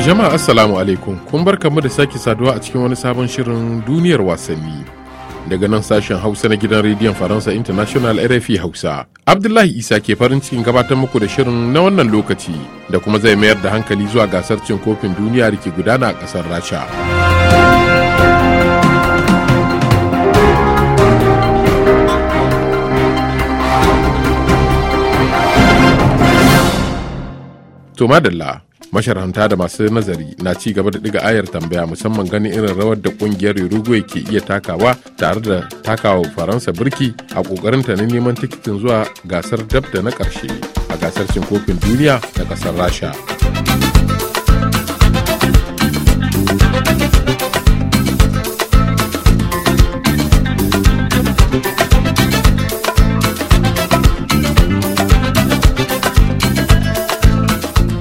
Jama'a Assalamu alaikum kun bar kamar da sake saduwa a cikin wani sabon shirin duniyar wasanni. Daga nan sashen Hausa na gidan rediyon Faransa International RFI Hausa. Abdullahi Isa ke farin cikin gabatar muku da shirin na wannan lokaci da kuma zai mayar da hankali zuwa gasar cin kofin duniya da ke gudana a ƙasar Rasha. To madalla. masharanta da masu nazari na ci gaba da ɗiga ayar tambaya musamman ganin irin rawar da ƙungiyar uruguay ke iya takawa tare da takawa faransa birki a ƙoƙarinta na neman tikitin zuwa gasar dab da na ƙarshe a gasar cin kofin duniya da ƙasar rasha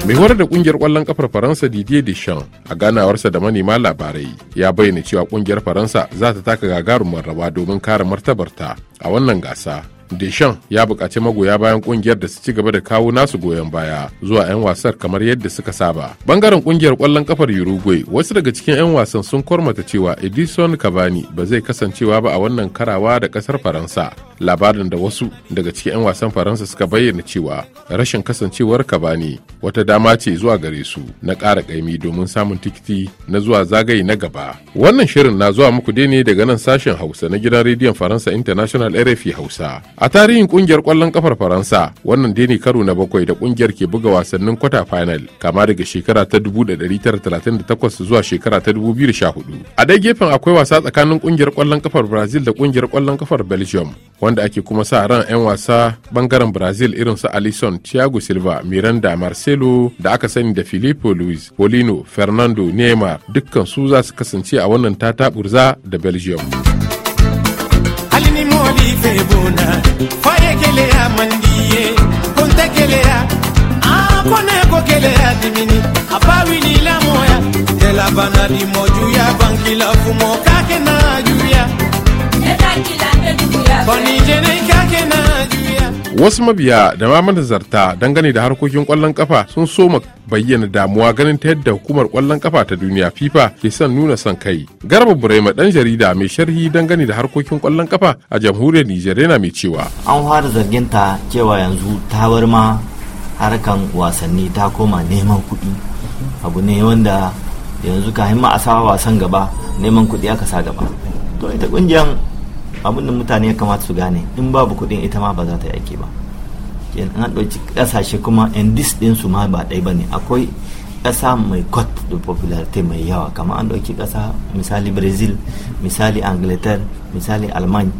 mai horar da kungiyar kwallon kafar faransa didier deschamps a ganawarsa da manema labarai ya bayyana cewa kungiyar faransa za ta taka gagarumin rawa domin kare martabarta a wannan gasa Deshan ya buƙaci magoya bayan ƙungiyar da su ci gaba da kawo nasu goyon baya zuwa 'yan wasar kamar yadda suka saba. Bangaren ƙungiyar kwallon kafar Uruguay wasu daga cikin 'yan wasan sun kormata cewa Edison kabani ba zai kasancewa ba a wannan karawa da ƙasar Faransa. Labarin da wasu daga cikin 'yan wasan Faransa suka bayyana cewa rashin kasancewar kabani wata dama ce zuwa gare su na ƙara ƙaimi domin samun tikiti na zuwa zagaye na gaba. Wannan shirin na zuwa muku dai ne daga nan sashen Hausa na gidan rediyon Faransa International RFI Hausa. a tarihin kungiyar kwallon kafar faransa wannan dai ne karo na bakwai da kungiyar ke buga wasannin kwata final kama daga shekara ta 1938 zuwa shekara ta 2014 a dai gefen akwai wasa tsakanin kungiyar kwallon kafar brazil da kungiyar kwallon kafar belgium wanda ake kuma sa ran 'yan wasa bangaren brazil irin su alison thiago silva miranda marcelo da aka sani da filippo luis polino fernando neymar dukkan su za su kasance a wannan tata burza da belgium malife bona faye keleya mandiye konte keleya ah, ko keleya dimini bankila fumo kake na juya kake na wasu mabiya da ma manazarta dangane da harkokin kwallon kafa sun soma bayyana damuwa ganin ta yadda hukumar kwallon kafa ta duniya fifa ke son nuna son kai garba burema dan jarida mai sharhi dangane da harkokin kwallon kafa a jamhuriyar nijar yana mai cewa an fara zargin ta cewa yanzu ta bar ma harkan wasanni ta koma neman kuɗi abu ne wanda yanzu kafin ma a wasan gaba neman kuɗi aka sa gaba to ita kungiyar abin da mutane ya kamata su gane in babu kuɗin ita ma ba za ta yi aiki ba an ɗauki ƙasashe kuma indis ɗin su ma ba ɗai ba ne akwai ƙasa mai kot da popularity mai yawa kamar an ɗauki ƙasa misali brazil misali angleterre misali alman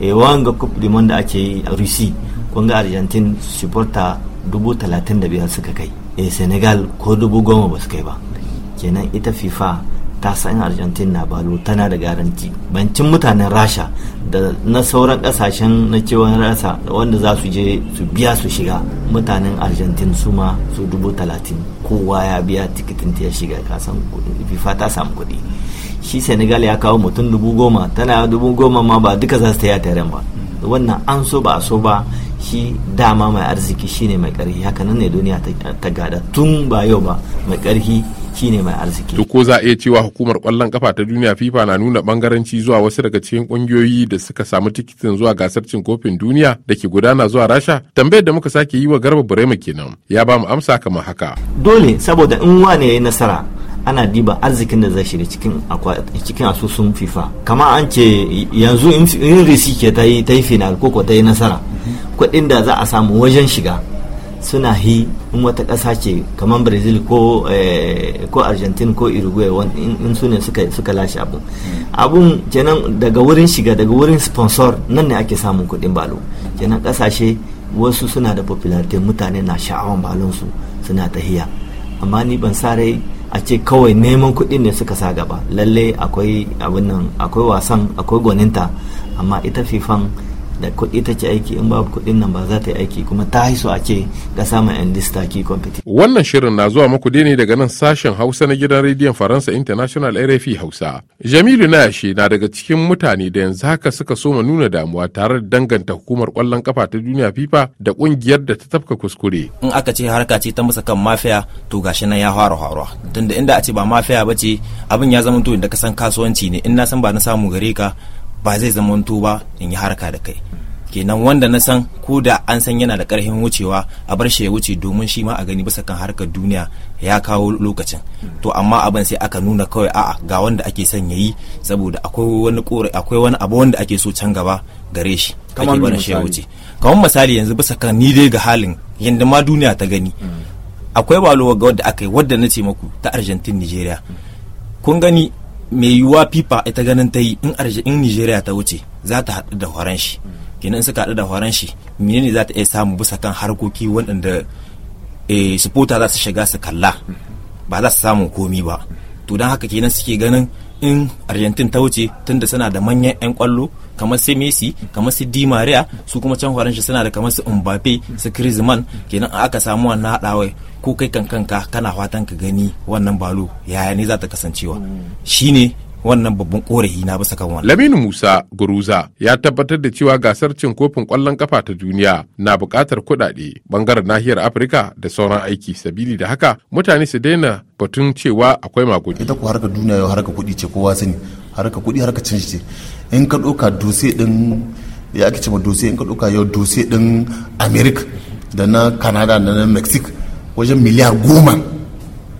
e eh, wanga cup limon da ake yi a rusi kunga argentine supporta dubu talatin da biyar suka kai e senegal ko dubu goma ba su kai ba kenan ita fifa ta san argentina balo tana da garanti bancin mutanen rasha da na sauran kasashen na cewa rasa wanda za su je su biya su shiga mutanen argentina su ma su dubu talatin kowa ya biya tikitin ta shiga kasan fifa ta samu kuɗi shi senegal ya kawo mutum dubu goma tana dubu goma ma ba duka za su ta yi ba wannan an so ba so ba shi dama mai arziki shine mai ƙarfi haka nan ne duniya ta gada tun ba yau ba mai ƙarfi ne mai arziki. To ko za a iya cewa hukumar kwallon kafa ta duniya FIFA na nuna bangaranci zuwa wasu daga cikin kungiyoyi da suka samu tikitin zuwa gasar cin kofin duniya da ke gudana zuwa Rasha? Tambayar da muka sake yi wa Garba Burema kenan. Ya ba mu amsa kamar haka. Dole saboda in wane yayi nasara ana diba arzikin da zai shiga cikin cikin asusun FIFA kama an ce yanzu in risi ke ta yi ta yi final ko ta yi nasara kuɗin da za a samu wajen shiga suna hi in wata ƙasa ce kamar brazil ko eh, ko argentina ko uruguay in su ne suka lashe abu mm. abun kenan daga wurin shiga daga wurin sponsor nan ne ake samun kuɗin balo kenan ƙasashe wasu suna da popularity mutane na sha'awan balon su suna tahiya amma ni ban sa rai a ce kawai neman kuɗin ne suka sa gaba lalle akwai abin nan akwai wasan akwai gwaninta amma ita fifan da kuɗi ta ci aiki in babu kuɗin nan ba za ta yi aiki kuma ta haiso a ce ga samun yan ki kwamfiti. Wannan shirin na zuwa muku ne daga nan sashen Hausa na gidan rediyon Faransa International RFI Hausa. Jamilu na yashi na daga cikin mutane da yanzu haka suka soma nuna damuwa tare da danganta hukumar kwallon kafa ta duniya FIFA da kungiyar da ta tafka kuskure. In aka ce harka ce ta musa kan mafiya to gashi nan ya fara haro Tunda inda a ce ba mafiya ba ce abin ya zama to da kasan kasuwanci ne in na san ba na samu gare ka ba zai zamanto ba in yi harka da kai kenan wanda na san ko da an san yana da karfin wucewa a bar shi ya wuce domin shi ma a gani bisa kan harkar duniya ya kawo lokacin to amma abin sai aka nuna kawai a'a ga wanda ake son ya yi saboda akwai wani kore akwai wani abu wanda ake so can gaba gare shi kamar bar shi ya wuce kamar misali yanzu bisa kan ni dai ga halin yanda ma duniya ta gani mm. akwai balowa ga wadda aka yi wadda na ce maku ta argentine nigeria kun gani mai yiwuwa fifa ita ganin ta yi in in nigeria ta wuce za ta haɗu da horon shi kenan suka haɗu da horon shi menene za ta iya samun bisa kan harkoki waɗanda eh, supporter za su shiga su kalla ba za su samu komi ba to don haka kenan suke ganin in argentina ta wuce tunda suna da manyan 'yan kwallo kamar su messi kamar su di maria su kuma can faransa suna da kamar su mbappe su griezmann kenan aka samu wannan haɗawa ko kai kan kanka kana fatan ka gani wannan balo yaya ne za ta kasancewa mm. shine wannan babban korayi na bisa kan wannan. Laminu Musa Guruza ya tabbatar da cewa gasar cin kofin kwallon kafa ta duniya na buƙatar kuɗaɗe bangaren nahiyar Afirka da sauran aiki sabili da haka mutane su daina batun cewa akwai magudi. Ita ko harkar duniya yau harkar kuɗi ce kowa sani harkar kuɗi harkar cin ce in ka ɗauka dose ɗin ya ake cewa dose in ka ɗauka yau dose ɗin Amerika da na Canada da na Mexico wajen miliyar goma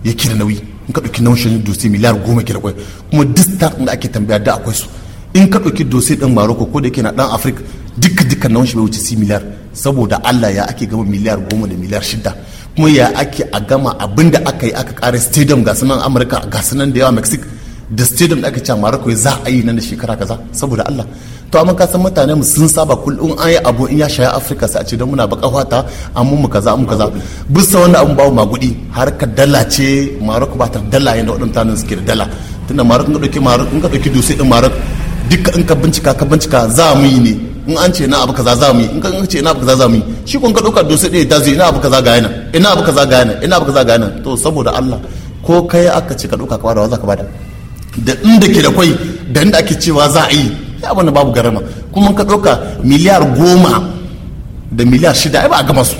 yake da nauyi. in ka ɗauki naushin dosi miliyar goma ke da kwai kuma distan da ake tambaya da akwai su in ka ɗauki dosi ɗin maroko ko da yake na ɗan afirka duka duka naushin bai wuce si miliyar saboda allah ya ake gama miliyar goma da miliyar shida kuma ya ake a gama abin da aka yi aka ƙara stadium ga sunan amurka ga sunan da yawa mexico da stadium da aka cewa marakwai za a yi nan da shekara kaza saboda allah to amma san mutane mu sun saba kullun an yi abu in ya shaya Afrika sai a ce don muna baka fata an mu kaza mu kaza bisa wannan abun bawo magudi har ka dala ce maroko ba ta dala yadda tanin suke da dala tunda maroko ka ɗauki maroko in ka ɗauki dutse ɗin maroko duka in ka bincika ka bincika za mu yi ne in an ce na abu kaza za mu yi in ka ce na abu kaza za mu yi shi kun ka ɗauka dutse din da zai ina abu kaza ga yana ina abu kaza ga yana ina abu kaza ga yana to saboda allah ko kai aka ce ka ɗauka ka bada wa za ka bada da inda ke da kwai da inda ake cewa za a yi ya wani babu garama kuma ka ɗauka miliyar goma da miliyar shida ai ba a gama su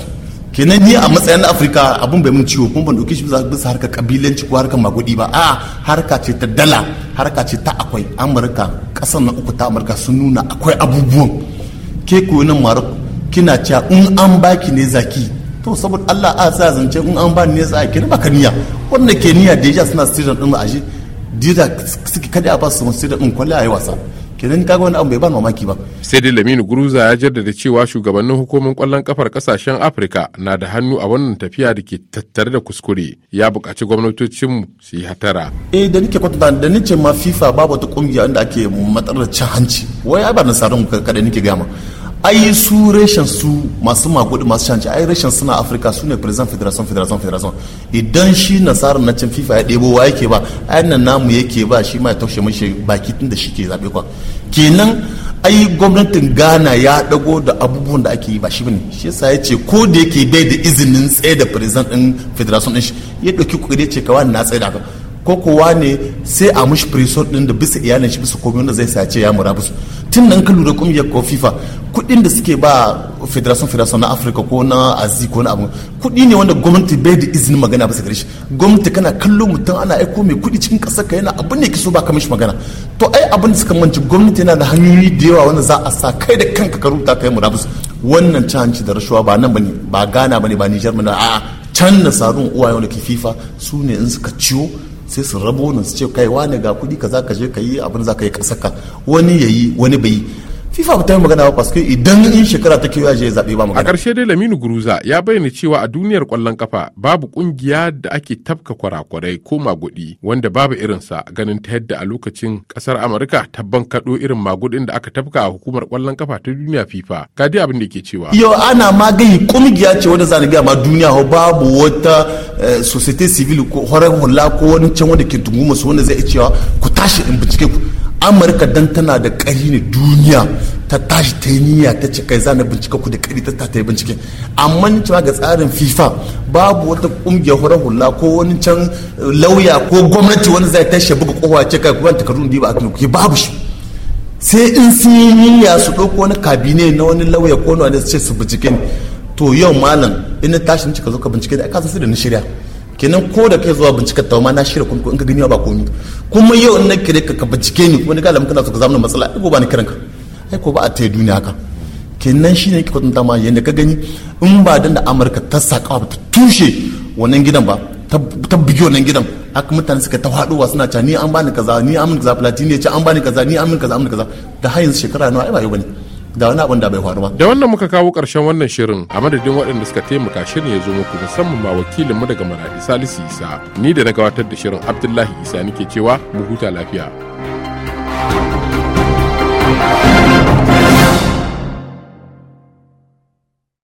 kenan ni a matsayin afirka abun bai mun ciwo kuma ban ɗauke shi bisa harkar kabilanci ko harkar magudi ba a harka ce ta dala harka ce ta akwai amurka ƙasar na uku ta amurka sun nuna akwai abubuwan ke koyi nan mara kina cewa in an baki ne zaki to saboda allah a sa zance in an ba ne za a kira baka niyya wannan ke niyya da ya suna sirrin ɗin a dida suke kada a ba su sai da in kwalle a yi wasa kenan kaga wani abu bai ba mamaki ba sai dai lamini guruza ya jaddada cewa shugabannin hukumar kwallon kafar kasashen afirka na da hannu a wannan tafiya da ke tattare da kuskure ya buƙaci gwamnatocinmu su yi hatara eh da nake kwatanta da ce ma fifa babu wata kungiya inda ake matsalar cin hanci wai ai ba nasarar kada nake gama ai su reshen su masu magudu masu canci ai reshen suna afirka su ne president federation federation federation idan shi nasarar na can fifa ya ɗebo wa yake ba ai nan namu yake ba shi ma ya taushe mashi baki tun da shi ke zaɓe kwa kenan ai gwamnatin ghana ya ɗago da abubuwan da ake yi ba shi bane shi yasa ya ce ko da yake bai da izinin tsaye da president din federation din shi ya ɗauki kuɗi ce kawai na tsaye da haka ko kowa ne sai a mushi preso din da bisa iyalin shi bisa komai wanda zai sace ya mura musu tun nan ka lura kungiyar ko fifa kudin da suke ba federation federation na africa ko na azi ko na abu kudi ne wanda gwamnati bai da izinin magana bisa gare shi gwamnati kana kallo mutum ana aiko mai kudi cikin kasar ka yana abin ne kiso ba ka mishi magana to ai abin da suka manci gwamnati yana da hanyoyi da yawa wanda za a sa kai da kanka ka rubuta kai murabus wannan canci da rashuwa ba nan bane ba gana bane ba nijar bane a can na sarun uwaye wanda ke fifa su ne in suka ciwo sai su rabo nan su ce kai wani ga kuɗi ka za ka je ka yi abin za ka yi ka saka wani ya yi wani bai fifa ba ta yi magana ba paske idan in shekara ta kewa ya zaɓe ba magana a ƙarshe dai laminu guruza ya bayyana cewa a duniyar ƙwallon kafa babu ƙungiya da ake tafka kwarakwarai ko magudi wanda babu irin sa ganin ta yadda a lokacin ƙasar amurka ta bankaɗo irin magudin da aka tafka a hukumar ƙwallon kafa ta duniya fifa ga dai abin da ke cewa yau ana ma gai ƙungiya ce wanda zan gaya ma duniya babu wata eh, societe sivili ko horar hula ko wani can wanda ke tunguma masu wanda zai cewa ku tashi in bincike ku amurka dan tana da ƙari ne duniya ta tashi ta yi niyya ta ce kai zana bincika ku da ƙari ta ta yi bincike amma ni cewa ga tsarin fifa babu wata ƙungiyar hura hula ko wani can lauya ko gwamnati wani zai tashi buga kowa ce kai kuma takardun da ba a kan babu shi sai in sun yi niyya su ɗauko wani kabine na wani lauya ko wani ce su bincike to yau malam in tashi ni cika zo ka bincike da aka san su da ni shirya kenan ko da kai zuwa bincika ta ma na shirya kuma in ka gani ba komi kuma yau in na kire ka ka bincike ni wani galam kana so ka zama matsala ai ko ba ni kiranka ai ko ba a tayi duniya haka kenan shine yake kwatanta ma yanda ka gani in ba dan da Amurka ta saka ba ta tushe wannan gidan ba ta bugi wannan gidan haka mutane suka ta haɗuwa suna cewa ni an bani kaza ni an kaza platini ya ce an bani kaza ni an kaza an kaza da har yanzu shekara nawa ai ba yau bane da wani abin da bai faru ba. Da wannan muka kawo ƙarshen wannan shirin a madadin waɗanda suka taimaka shirin ya zo muku musamman ma wakilinmu daga Maradi Salisu Isa ni da na gabatar da shirin Abdullahi Isa nake cewa mu huta lafiya. thank you